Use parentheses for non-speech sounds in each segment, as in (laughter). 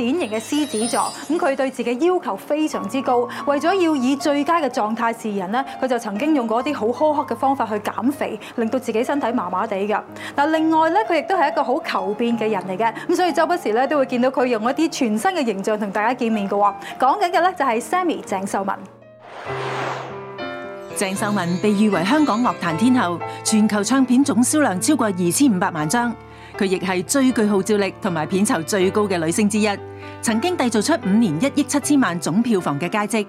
典型嘅獅子座，咁佢對自己要求非常之高，為咗要以最佳嘅狀態示人咧，佢就曾經用過啲好苛刻嘅方法去減肥，令到自己身體麻麻地嘅。嗱，另外咧，佢亦都係一個好求變嘅人嚟嘅，咁所以周不時咧都會見到佢用一啲全新嘅形象同大家見面嘅喎。講緊嘅咧就係 Sammy 鄭秀文，鄭秀文被譽為香港樂壇天后，全球唱片總銷量超過二千五百萬張。佢亦係最具號召力同埋片酬最高嘅女星之一，曾經締造出五年一億七千萬總票房嘅佳績。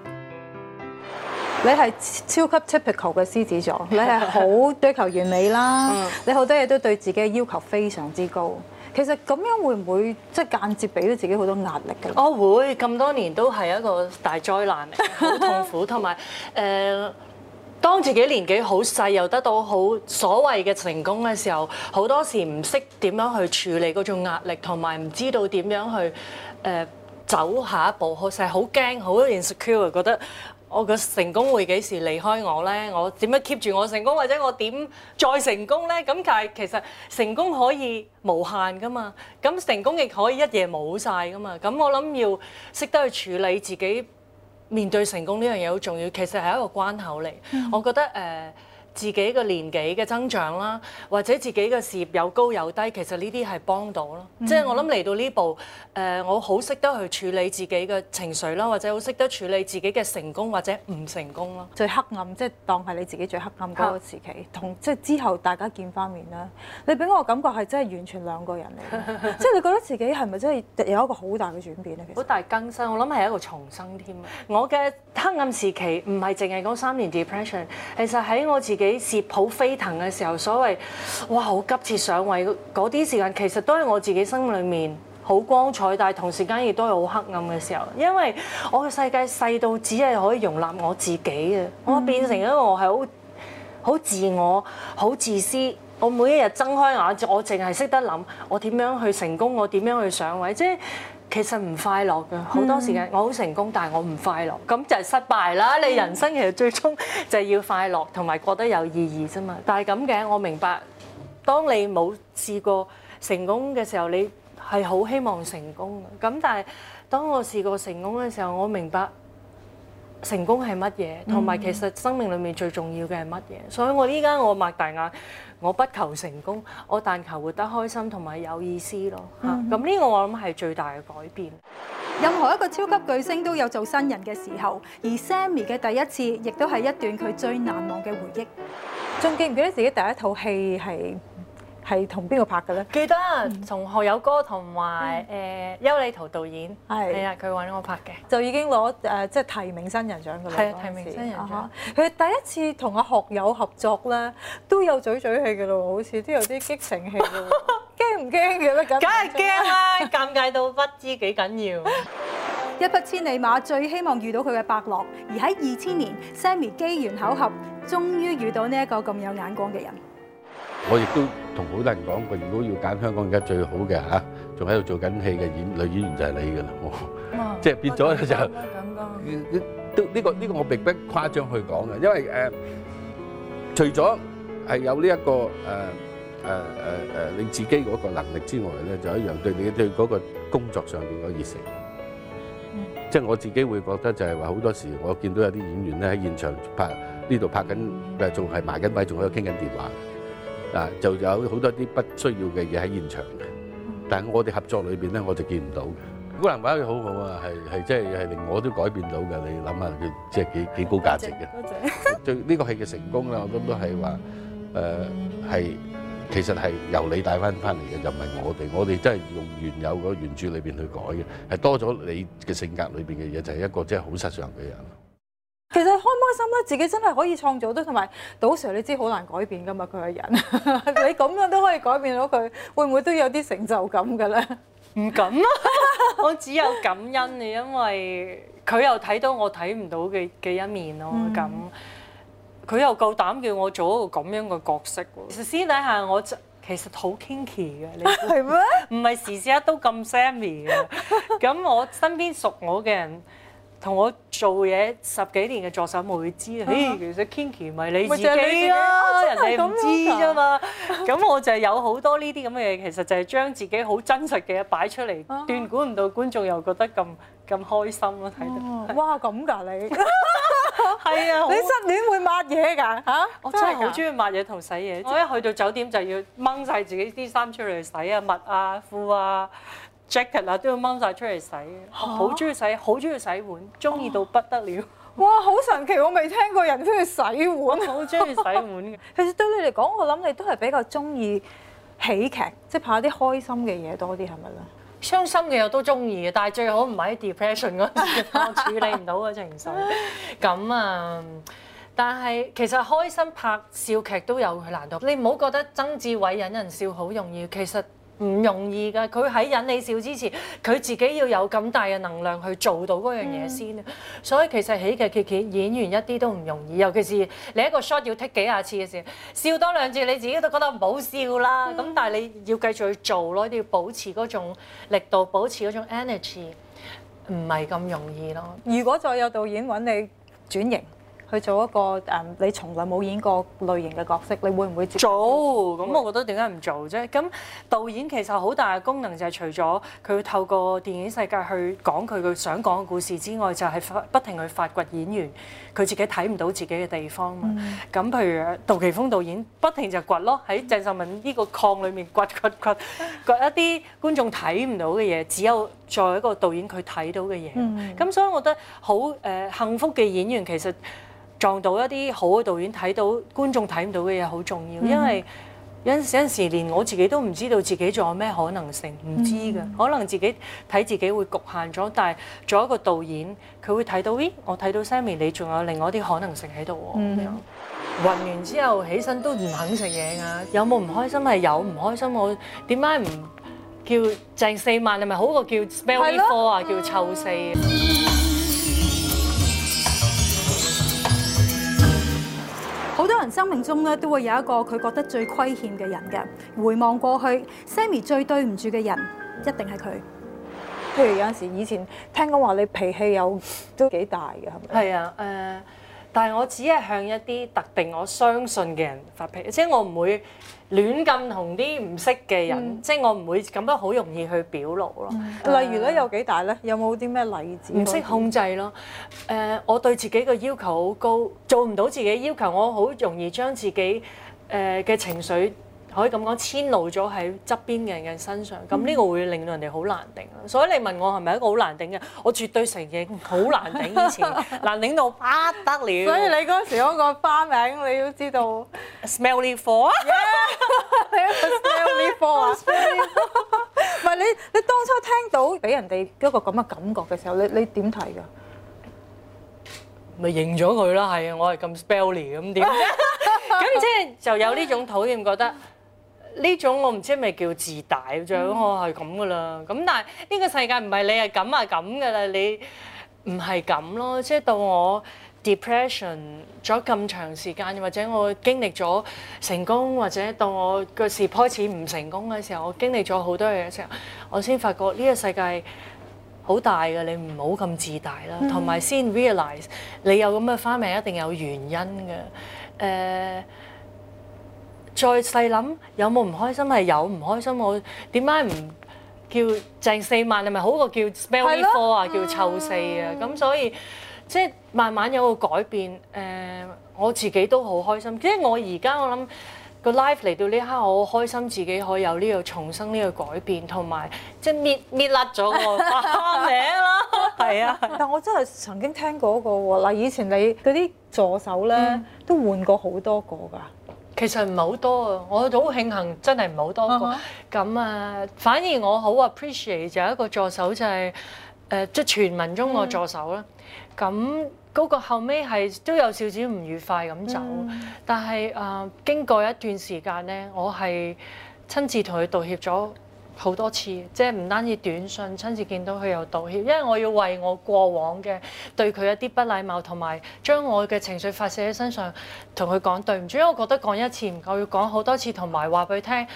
你係超級 typical 嘅獅子座，你係好追求完美啦，你好多嘢都對自己嘅要求非常之高。其實咁樣會唔會即係間接俾咗自己好多壓力嘅？我會，咁多年都係一個大災難嚟，好痛苦同埋誒。當自己年紀好細又得到好所謂嘅成功嘅時候，好多時唔識點樣去處理嗰種壓力，同埋唔知道點樣去誒走下一步，好成好驚，好 insecure 面對成功呢樣嘢好重要，其實係一個關口嚟。 (noise) 我覺得誒。Uh 自己嘅年紀嘅增長啦，或者自己嘅事業有高有低，其實呢啲係幫到咯。即係、mm hmm. 我諗嚟到呢步，誒，我好識得去處理自己嘅情緒啦，或者好識得處理自己嘅成功或者唔成功咯。最黑暗即係、就是、當係你自己最黑暗嗰個時期，同即係之後大家見翻面啦。你俾我感覺係真係完全兩個人嚟。即係你覺得自己係咪真係有一個好大嘅轉變咧？好大更新，我諗係一個重生添。我嘅黑暗時期唔係淨係嗰三年 depression，其實喺我自己。自己係普飛騰嘅時候，所謂哇好急切上位嗰啲時間，其實都係我自己心裏面好光彩，但係同時間亦都係好黑暗嘅時候，因為我嘅世界細到只係可以容納我自己啊！我變成一個我係好好自我、好自私，我每一日睜開眼，我淨係識得諗，我點樣去成功，我點樣去上位，即其實唔快樂嘅，好多時間我好成功，但係我唔快樂，咁就係失敗啦。你人生其實最終就係要快樂同埋覺得有意義啫嘛。但係咁嘅，我明白當你冇試過成功嘅時候，你係好希望成功嘅。咁但係當我試過成功嘅時候，我明白成功係乜嘢，同埋其實生命裡面最重要嘅係乜嘢。所以我依家我擘大眼。我不求成功，我但求活得開心同埋有意思咯。咁呢、嗯、個我諗係最大嘅改變。任何一個超級巨星都有做新人嘅時候，而 Sammy 嘅第一次亦都係一段佢最難忘嘅回憶。仲記唔記得自己第一套戲係。係同邊個拍嘅咧？記得同學友哥同埋誒邱禮濤導演係啊，佢搵我拍嘅，就已經攞誒即係提名新人獎嘅啦。係啊，提名新人獎。佢、嗯、第一次同阿學友合作咧，都有嘴嘴戲嘅咯，好似都有啲激情戲嘅喎。驚唔驚嘅咧？緊？梗係驚啦！尷尬到不知幾緊要。一匹千里馬最希望遇到佢嘅伯樂，而喺二千年，Sammy 機緣巧合，終於遇到呢一個咁有眼光嘅人。我亦都同好多人講過，如果要揀香港而家最好嘅嚇，仲喺度做緊戲嘅演女、呃呃、演員就係你㗎喇， (laughs) 啊、即係變咗就都呢個呢個我並不誇張去講嘅，因為誒，除咗係有呢一個誒誒誒誒你自己嗰個能力之外咧，就一樣對你對嗰個工作上邊個熱誠，即係我自己會覺得就係話好多時我見到有啲演員咧喺現場拍呢度拍緊誒，仲係、嗯、埋緊位，仲喺度傾緊電話。啊，就有好多啲不需要嘅嘢喺現場嘅，但係我哋合作裏邊咧，我就見唔到嘅。古蘭話嘅好好啊，係係即係係令我都改變到嘅。你諗下佢即係幾幾高價值嘅。最呢 (laughs) 個戲嘅成功啦，我諗都係話誒係其實係由你帶翻翻嚟嘅，就唔係我哋。我哋真係用原有嗰原著裏邊去改嘅，係多咗你嘅性格裏邊嘅嘢，就係、是、一個即係好實上嘅人。其實開唔開心咧，自己真係可以創造得，同埋杜 Sir 你知好難改變噶嘛，佢係人，你咁樣都可以改變到佢，會唔會都有啲成就感嘅咧？唔敢啊！我只有感恩你，因為佢又睇到我睇唔到嘅嘅一面咯。咁佢、嗯、又夠膽叫我做一個咁樣嘅角色喎。私底下我，其實好 cinky 嘅，係咩？唔係嗎時時刻都咁 Sammi 嘅。咁我身邊熟我嘅人。同我做嘢十幾年嘅助手冇會知啊！嘿，其實 Kinky 唔係你自己，咪就係你咯，人哋唔知啫嘛。咁我就係有好多呢啲咁嘅嘢，其實就係將自己好真實嘅嘢擺出嚟，斷估唔到觀眾又覺得咁咁開心咯，睇到、嗯。哇，咁㗎你？係啊，啊你失戀會抹嘢㗎？嚇！我真係好中意抹嘢同洗嘢。麼我一去到酒店就要掹晒自己啲衫出嚟洗啊，襪啊，褲啊。jacket 啊都要掹晒出嚟洗，好中意洗，好中意洗碗，中意到不得了。哇，好神奇，我未聽過人中意洗碗，好中意洗碗。其實對你嚟講，我諗你都係比較中意喜劇，即係拍啲開心嘅嘢多啲，係咪咧？傷心嘅嘢我都中意嘅，但係最好唔喺 depression 嗰時， (laughs) 我處理唔到嘅情緒。咁啊， (laughs) 但係其實開心拍笑劇都有佢難度。你唔好覺得曾志偉引人笑好容易，其實。唔容易噶，佢喺引你笑之前，佢自己要有咁大嘅能量去做到嗰樣嘢先、嗯、所以其實喜劇劇劇演員一啲都唔容易，尤其是你一個 shot 要剔幾下次嘅時候，笑多兩次你自己都覺得唔好笑啦。咁、嗯、但係你要繼續去做咯，你要保持嗰種力度，保持嗰種 energy，唔係咁容易咯。如果再有導演揾你轉型？去做一個誒，你從來冇演過類型嘅角色，你會唔會做？做咁，我覺得點解唔做啫？咁導演其實好大嘅功能就係除咗佢透過電影世界去講佢佢想講嘅故事之外，就係發不停去發掘演員佢自己睇唔到自己嘅地方嘛。咁譬如杜琪峯導演不停就掘咯，喺鄭秀文呢個礦裡面掘掘掘掘一啲觀眾睇唔到嘅嘢，只有作為一個導演佢睇到嘅嘢。咁所以我覺得好誒幸福嘅演員其實。撞到一啲好嘅導演，睇到觀眾睇唔到嘅嘢好重要，嗯、哼因為有陣時，有陣時連我自己都唔知道自己仲有咩可能性，唔知㗎。嗯、哼可能自己睇自己會局限咗，但係做一個導演，佢會睇到，咦，我睇到 Sammy 你仲有另外一啲可能性喺度。暈完之後起身都唔肯食嘢㗎，嗯、哼有冇唔開心係有唔、嗯、哼開心？我點解唔叫鄭四萬，係咪好過叫 spell four 啊的？4，叫抽四？生命中咧都會有一個佢覺得最虧欠嘅人嘅，回望過去，Sammy 最對唔住嘅人一定係佢。譬如有陣時以前聽講話你脾氣有都幾大嘅，係咪？係啊，誒。但係我只係向一啲特定我相信嘅人發脾氣，即係我唔會亂咁同啲唔識嘅人，嗯、即係我唔會咁樣好容易去表露咯。嗯呃、例如咧，有幾大咧？有冇啲咩例子？唔識控制咯。誒、呃，我對自己嘅要求好高，做唔到自己要求，我好容易將自己誒嘅、呃、情緒。可以咁講，遷怒咗喺側邊嘅人嘅身上，咁呢個會令到人哋好難頂。所以你問我係咪一個好難頂嘅？我絕對承認好難頂，以前難頂到不得了。所以你嗰時嗰個花名，你都知道。Smelly Four。係啊，你係 Smelly Four 啊？唔係你，你當初聽到俾人哋嗰個咁嘅感覺嘅時候，你你點睇㗎？咪認咗佢啦，係啊，我係咁 Smelly 咁點啫？咁即係就有呢種討厭覺得。呢種我唔知係咪叫自大啫，我係咁噶啦。咁但係呢個世界唔係你係咁啊，咁噶啦，你唔係咁咯。即係到我 depression 咗咁長時間，或者我經歷咗成功，或者到我個事開始唔成功嘅時候，我經歷咗好多嘢嘅時候，我先發覺呢個世界好大嘅，你唔好咁自大啦。同埋先 realize 你有咁嘅花名一定有原因嘅。誒、呃。再細諗，有冇唔開心？係有唔開心。我點解唔叫鄭四萬，係咪好過叫 spell four 啊？叫臭四啊？咁，所以即係慢慢有個改變，誒，我自己都好開心，即係我而家我諗個 life 嚟到呢刻我好開心，自己可以有呢個重生呢個改變，同埋即係搣搣甩咗個花名啦，係啊！但係我真係曾經聽過一個喎。嗱，以前你嗰啲助手咧都換過好多個㗎。其實唔係好多啊，我好慶幸真係唔係好多個咁啊、uh huh。反而我好 appreciate 就係一個助手就係誒即全民中個助手啦。咁嗰、嗯、個後尾係都有少少唔愉快咁走，嗯、但係誒、呃、經過一段時間咧，我係親自同佢道歉咗。好多次，即係唔單止短信，親自見到佢又道歉，因為我要為我過往嘅對佢一啲不禮貌，同埋將我嘅情緒發洩喺身上，同佢講對唔住，因為我覺得講一次唔夠，要講好多次，同埋話俾佢聽，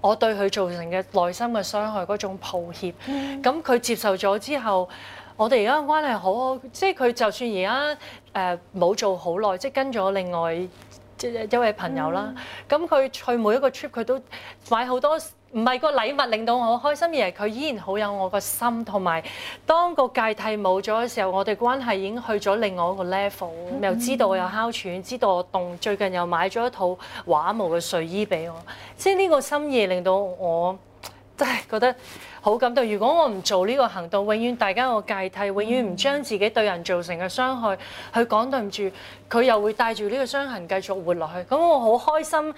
我對佢造成嘅內心嘅傷害嗰種抱歉。咁佢、嗯、接受咗之後，我哋而家關係好好，即係佢就算而家誒冇做好耐，即係跟咗另外一一位朋友啦。咁佢、嗯、去每一個 trip，佢都買好多。唔係個禮物令到我好開心，而係佢依然好有我個心，同埋當個芥蒂冇咗嘅時候，我哋關係已經去咗另外一個 level。又知道我有哮喘，知道我凍，最近又買咗一套畫毛嘅睡衣俾我。即係呢個心意令到我真係覺得好感動。如果我唔做呢個行動，永遠大家個芥蒂，永遠唔將自己對人造成嘅傷害去講對唔住，佢又會帶住呢個傷痕繼續活落去。咁我好開心。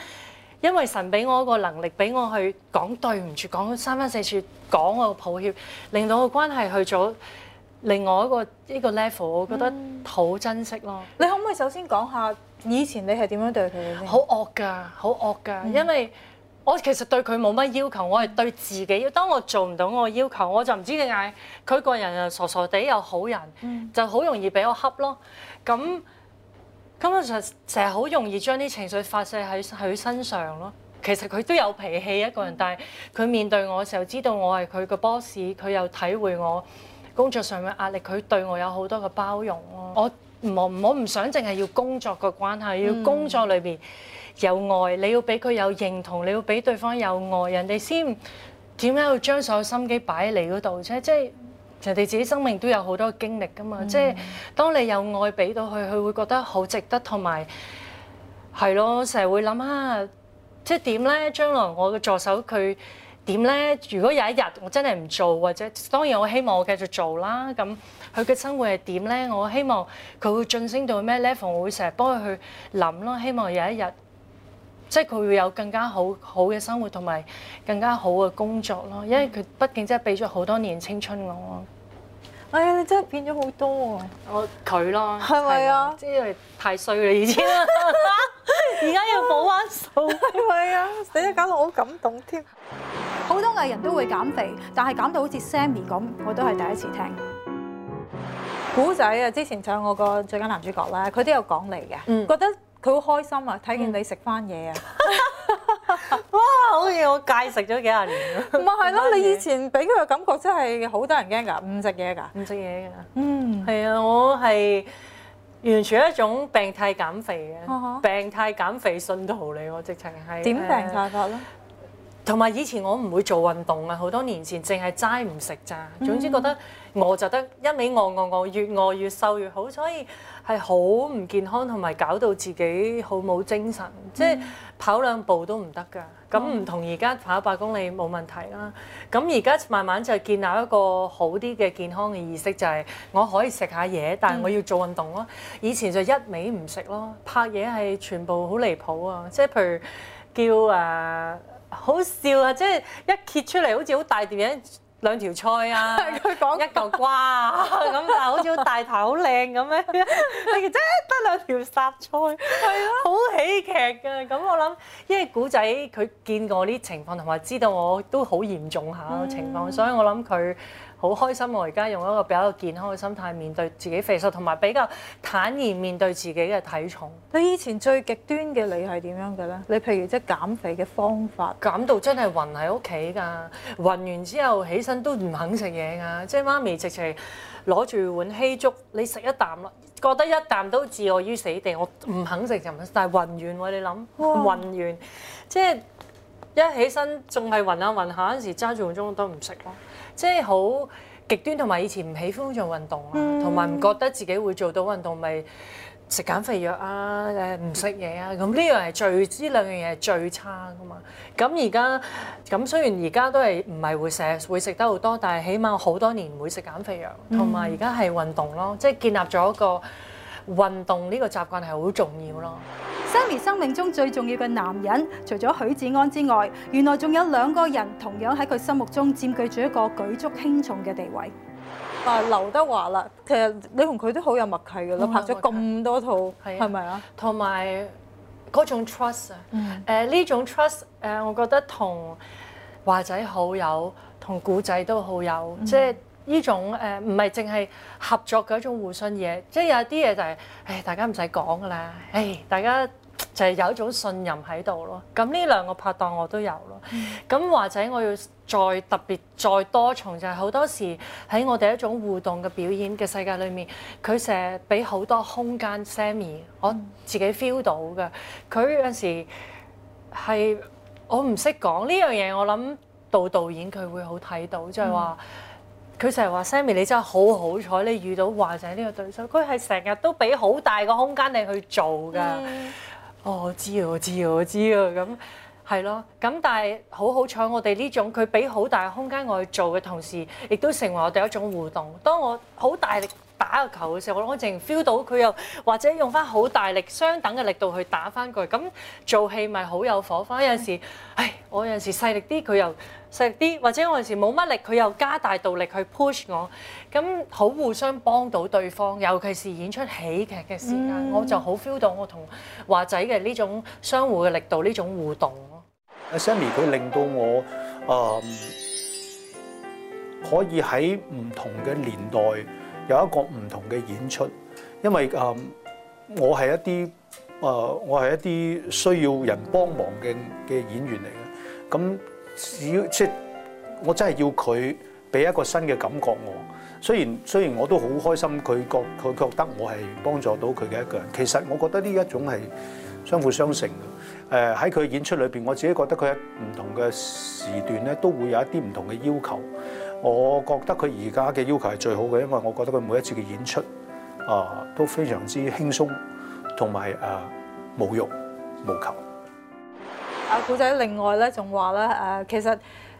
因為神俾我一個能力，俾我去講對唔住，講三番四處講我嘅抱歉，令到個關係去咗另外一個呢個 level，我覺得好珍惜咯。嗯、你可唔可以首先講下以前你係點樣對佢？好惡㗎，好惡㗎，因為我其實對佢冇乜要求，我係對自己。當我做唔到我要求，我就唔知點解，佢個人又傻傻地又好人，就好容易俾我恰咯。咁。咁啊，成成日好容易將啲情緒發洩喺佢身上咯。其實佢都有脾氣一個人，嗯、但係佢面對我時候，知道我係佢嘅 boss，佢又體會我工作上嘅壓力，佢對我有好多嘅包容咯。我唔我唔想淨係要工作嘅關係，要工作裏邊有愛，你要俾佢有認同，你要俾對方有愛，人哋先點解要將所有心機擺喺你嗰度啫？即係。人哋自己生命都有好多經歷㗎嘛，嗯、即係當你有愛俾到佢，佢會覺得好值得，同埋係咯，成日會諗下、啊，即係點咧？將來我嘅助手佢點咧？如果有一日我真係唔做，或者當然我希望我繼續做啦，咁佢嘅生活係點咧？我希望佢會晉升到咩 level？我會成日幫佢去諗咯，希望有一日即係佢會有更加好好嘅生活，同埋更加好嘅工作咯。嗯、因為佢畢竟真係俾咗好多年青春我。哎呀！隓 ei 你真係變咗好多啊！我佢咯，係咪啊？即係太衰啦！gr oss aller 以前而家要補翻數，係咪啊？你一搞到好感動添。好多藝人都會減肥，但係減到好似 Sammy 咁，我都係第一次聽。古仔啊！之前唱我個最佳男主角啦，佢都有講嚟嘅，嗯、覺得佢好開心啊！睇見你食翻嘢啊！infinity (laughs) 哇！好似 (laughs) 我戒食咗幾廿年，咪係咯？你以前俾佢嘅感覺真係好多人驚㗎，唔食嘢㗎，唔食嘢㗎。嗯，係啊，我係完全一種病態減肥嘅、啊、哈病態減肥信徒嚟。我直情係點病態法咧？呃同埋以前我唔會做運動啊，好多年前淨係齋唔食咋，總之覺得餓就得一味餓餓餓，越餓越瘦越好，所以係好唔健康，同埋搞到自己好冇精神，即係跑兩步都唔得㗎。咁唔、嗯、同而家跑百公里冇問題啦。咁而家慢慢就建立一個好啲嘅健康嘅意識，就係、是、我可以食下嘢，但係我要做運動咯。嗯、以前就一味唔食咯，拍嘢係全部好離譜啊，即係譬如叫誒。啊。好笑啊！即、就、係、是、一揭出嚟，好似好大碟樣兩條菜啊， (laughs) 說話 一嚿瓜咁，但好似好大台好靚咁嘅，其實得兩條雜菜，係 (laughs) 是啊，好喜劇嘅。咁、嗯、我諗，因為古仔佢見過呢情況，同埋知道我都好嚴重下情況，所以我諗佢。好開心！我而家用一個比較健康嘅心態面對自己肥瘦，同埋比較坦然面對自己嘅體重。你以前最極端嘅你係點樣嘅咧？你譬如即係減肥嘅方法，減到真係暈喺屋企㗎。暈完之後起身都唔肯食嘢㗎。即係媽咪直情攞住碗稀粥，你食一啖啦，覺得一啖都置我於死地，我唔肯食就唔食。但係暈完我哋諗暈完，暈完哇即係一起身仲係暈下暈下嗰陣時，時，揸住碗粥都唔食咯。即係好極端，同埋以前唔喜歡做運動啊，同埋唔覺得自己會做到運動，咪食減肥藥啊，誒唔食嘢啊，咁呢樣係最之兩樣嘢係最差噶嘛，咁而家咁雖然而家都係唔係會成日會食得好多，但係起碼好多年唔會食減肥藥，同埋而家係運動咯，嗯、即係建立咗一個運動呢個習慣係好重要咯。Sammy 生命中最重要嘅男人，除咗許志安之外，原來仲有兩個人同樣喺佢心目中佔據住一個舉足輕重嘅地位。啊，劉德華啦，其實你同佢都好有默契噶啦，拍咗咁多套，係咪啊？同埋嗰種 trust 啊，誒呢種 trust 誒，我覺得同華仔好有，同古仔都好有，即係呢種誒唔係淨係合作嘅一種互信嘢，即係有啲嘢就係，誒大家唔使講噶啦，誒大家。就係有一種信任喺度咯。咁呢兩個拍檔我都有咯。咁華仔我要再特別再多重就係、是、好多時喺我哋一種互動嘅表演嘅世界裏面，佢成日俾好多空間 Sammy，我自己 feel 到嘅。佢、嗯、有時係我唔識講呢樣嘢，我諗杜導演佢會好睇到，就係話佢成日話 Sammy 你真係好好彩，你遇到華仔呢個對手，佢係成日都俾好大個空間你去做㗎。哦，我知啊，我知啊，我知啊，咁係咯，咁但係好好彩，我哋呢種，佢俾好大嘅空間我去做嘅同時，亦都成為我哋一種互動。當我好大力。打個球嘅時候，我我淨 feel 到佢又或者用翻好大力、相等嘅力度去打翻佢。咁做戲咪好有火花。有時，唉，我有時細力啲，佢又細力啲；或者我有時冇乜力，佢又加大道力去 push 我。咁好互相幫到對方。尤其是演出喜劇嘅時間，我就好 feel 到我同華仔嘅呢種相互嘅力度、呢種互動咯。阿 Sammy 佢令到我誒可以喺唔同嘅年代。有一個唔同嘅演出，因為誒、呃、我係一啲誒、呃、我係一啲需要人幫忙嘅嘅演員嚟嘅，咁只要即我真係要佢俾一個新嘅感覺我，雖然雖然我都好開心佢覺佢覺得我係幫助到佢嘅一個人，其實我覺得呢一種係相輔相成嘅。誒喺佢演出裏邊，我自己覺得佢喺唔同嘅時段咧都會有一啲唔同嘅要求。我覺得佢而家嘅要求係最好嘅，因為我覺得佢每一次嘅演出啊都非常之輕鬆，同埋誒無欲無求。阿古仔另外咧仲話咧誒，其實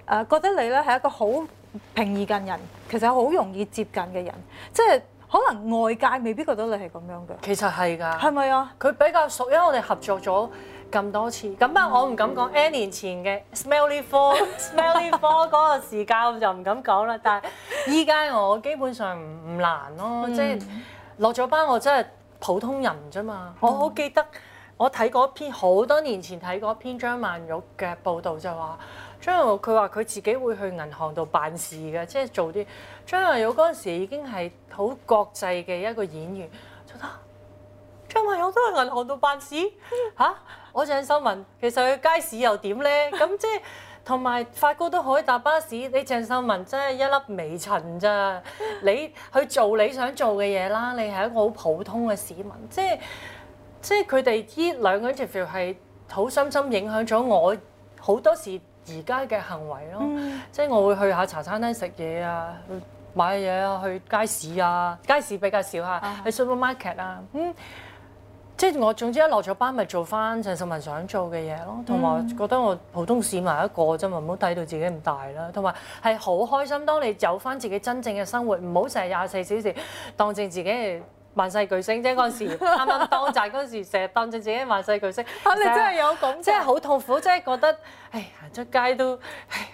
誒覺得你咧係一個好平易近人，其實好容易接近嘅人，即係可能外界未必覺得你係咁樣嘅。其實係㗎。係咪啊？佢比較熟，因為我哋合作咗。咁多次，咁啊我唔敢講 N、哦、年前嘅 Smelly Four、 (laughs) Smelly Four 嗰個時間我就唔敢講啦。但係依家我基本上唔難咯、啊，即係落咗班我真係普通人啫嘛。嗯、我好記得我睇過一篇好多年前睇過一篇張曼玉嘅報導，就話張曼玉佢話佢自己會去銀行度辦事嘅，即、就、係、是、做啲張曼玉嗰陣時已經係好國際嘅一個演員。因為我都喺銀行度辦事嚇。啊、我鄭秀文其實去街市又點咧？咁即係同埋發哥都可以搭巴士。你鄭秀文真係一粒微塵咋？你去做你想做嘅嘢啦。你係一個好普通嘅市民，即係即係佢哋呢兩個 interview 係好深深影響咗我好多時而家嘅行為咯。即係我會去下茶餐廳食嘢啊，買嘢啊，去街市啊。街市比較少嚇，啊、去 supermarket 啊，嗯。即係我總之一落咗班，咪做翻鄭秀文想做嘅嘢咯，同埋覺得我普通市民一個啫嘛，唔好睇到自己咁大啦，同埋係好開心。當你有翻自己真正嘅生活，唔好成日廿四小時當正自己萬世巨星啫！嗰陣時啱啱當賺嗰陣時，成日 (laughs) 當正自己萬世巨星。嚇！你真係有噉，真係好痛苦，真係覺得，唉，行出街都，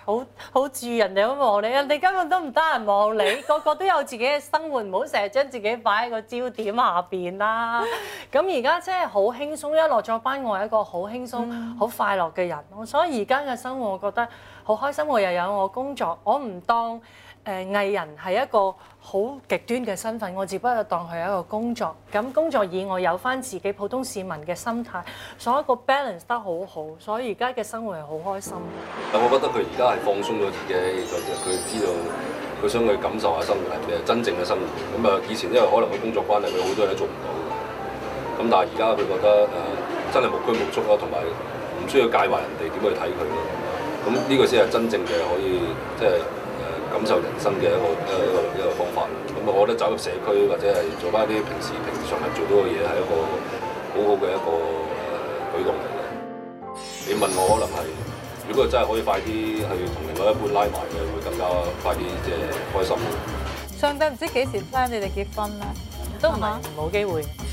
好好住人哋都望你，人哋根本都唔得閒望你， (laughs) 個個都有自己嘅生活，唔好成日將自己擺喺個焦點下邊啦。咁而家真係好輕鬆，一落咗班，我係一個好輕鬆、好 (laughs) 快樂嘅人。我所以而家嘅生活，我覺得。好開心，我又有我工作，我唔當誒藝人係一個好極端嘅身份，我只不過當佢係一個工作。咁工作以外有翻自己普通市民嘅心態，所以一個 balance 得好好，所以而家嘅生活係好開心。但、嗯、我覺得佢而家係放鬆咗自己嘅，佢知道佢想去感受下生活，係咩真正嘅生活。咁啊，以前因為可能佢工作關係，佢好多嘢都做唔到。咁但係而家佢覺得誒、呃、真係無拘無束咯，同埋唔需要介懷人哋點去睇佢咯。咁呢個先係真正嘅可以即係感受人生嘅一個一個一個方法啦。咁啊，我覺得走入社區或者係做翻啲平時平常人做到嘅嘢，係一個好好嘅一個誒、呃、舉動嚟嘅。你問我可能係，如果真係可以快啲去同另外一半拉埋嘅，會更加快啲即係開心。上帝唔知幾時批你哋結婚呢，都唔係冇機會。